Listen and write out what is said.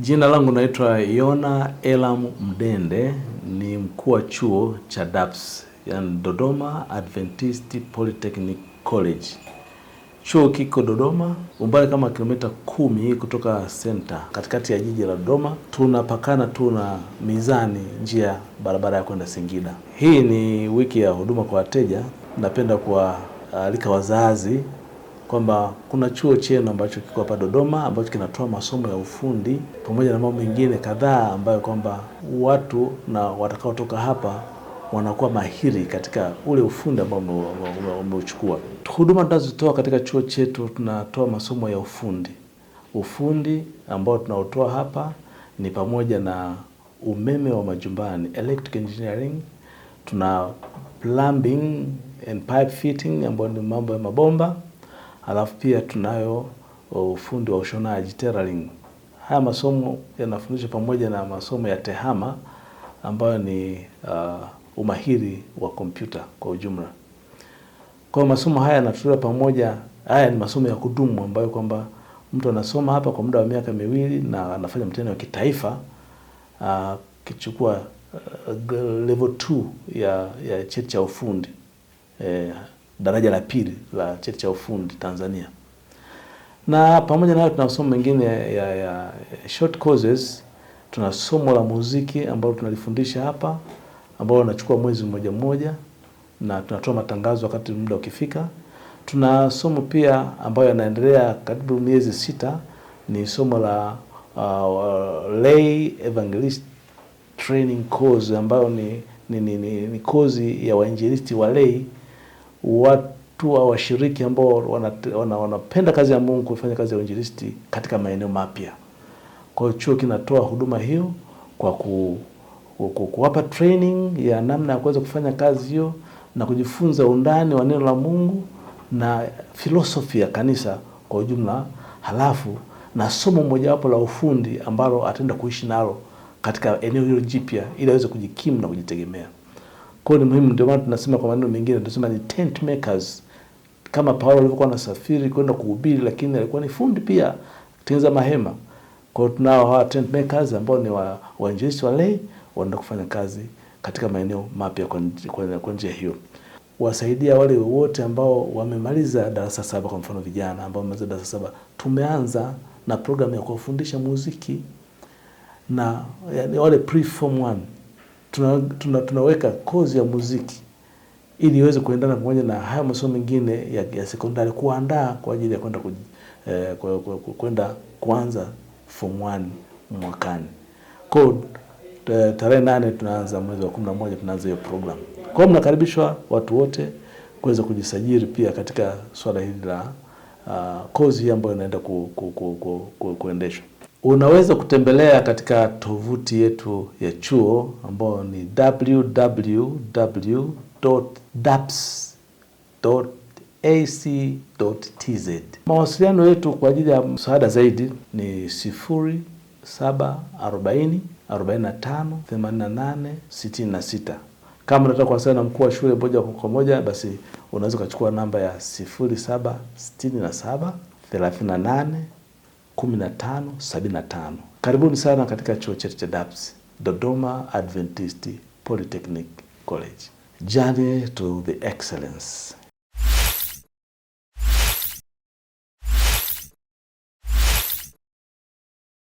Jina langu naitwa Yona Elam Mdende, ni mkuu wa chuo cha DAPS, yani Dodoma Adventist Polytechnic College. Chuo kiko Dodoma, umbali kama kilomita kumi kutoka center, katikati ya jiji la Dodoma. Tunapakana tu na Mizani, njia barabara ya kwenda Singida. Hii ni wiki ya huduma kwa wateja. Napenda kuwaalika wazazi kwamba kuna chuo chenu ambacho kiko hapa Dodoma ambacho kinatoa masomo ya ufundi pamoja na mambo mengine kadhaa ambayo kwamba watu na watakaotoka hapa wanakuwa mahiri katika ule ufundi ambao umeuchukua. Huduma tunazotoa katika chuo chetu, tunatoa masomo ya ufundi. Ufundi ambao tunaotoa hapa ni pamoja na umeme wa majumbani, electric engineering, tuna plumbing and pipe fitting ambayo ni mambo ya mabomba Alafu pia tunayo uh, ufundi wa ushonaji tailoring. Haya masomo yanafundishwa pamoja na masomo ya tehama ambayo ni uh, umahiri wa kompyuta kwa ujumla. Kwa masomo haya yanatolewa pamoja. Haya ni masomo ya kudumu ambayo kwamba mtu anasoma hapa kwa muda wa miaka miwili na anafanya mtihani wa kitaifa uh, akichukua uh, uh, level 2 ya, ya cheti cha ufundi eh, daraja la pili la cheti cha ufundi Tanzania, na pamoja na hayo tuna masomo mengine ya, ya short courses. Tuna somo la muziki ambalo tunalifundisha hapa ambalo linachukua mwezi mmoja mmoja, na tunatoa matangazo wakati muda ukifika. Tuna somo pia ambayo yanaendelea karibu miezi sita, ni somo la uh, lay evangelist training course ambayo ni, ni, ni, ni, ni kozi ya wainjilisti wa lay watu wa washiriki ambao wanapenda wana, wana kazi ya Mungu kufanya kazi ya uinjilisti katika maeneo mapya. Kwa hiyo chuo kinatoa huduma hiyo kwa ku, ku, ku, kuwapa training ya namna ya kuweza kufanya kazi hiyo na kujifunza undani wa neno la Mungu na filosofi ya kanisa kwa ujumla, halafu na somo mojawapo la ufundi ambalo ataenda kuishi nalo katika eneo hilo jipya ili aweze kujikimu na kujitegemea. Kwa ni muhimu, ndio maana tunasema kwa maneno mengine tunasema ni tent makers. Kama Paulo alivyokuwa anasafiri kwenda kuhubiri, lakini alikuwa ni fundi pia kutengeneza mahema. Kwa hiyo tunao hawa tent makers ambao ni wainjilisti wa, wa lei wanaenda kufanya kazi katika maeneo mapya kwa njia hiyo wasaidia wale wote ambao wamemaliza darasa saba. Kwa mfano vijana ambao wamemaliza darasa saba, tumeanza na programu ya kuwafundisha muziki na yani, wale pre form one tuna, tuna, tunaweka kozi ya muziki ili iweze kuendana pamoja na haya masomo mengine ya, ya sekondari kuandaa kwa ajili ya kwenda eh, kwenda kuanza form 1 mwakani. Kwa tarehe nane tunaanza mwezi wa kumi na moja tunaanza hiyo program. Kwa hiyo mnakaribishwa watu wote kuweza kujisajili pia katika swala hili la uh, kozi ambayo inaenda ku, ku, ku, ku, ku, kuendeshwa. Unaweza kutembelea katika tovuti yetu ya chuo ambayo ni www.daps.ac.tz. Mawasiliano yetu kwa ajili ya msaada zaidi ni 0740 45 Kama unataka kuwasiliana na mkuu wa shule moja kwa moja, basi unaweza ukachukua namba ya 0767 38 1575. Karibuni sana katika chuo chetu cha DAPS, Dodoma Adventist Polytechnic College. Journey to the Excellence.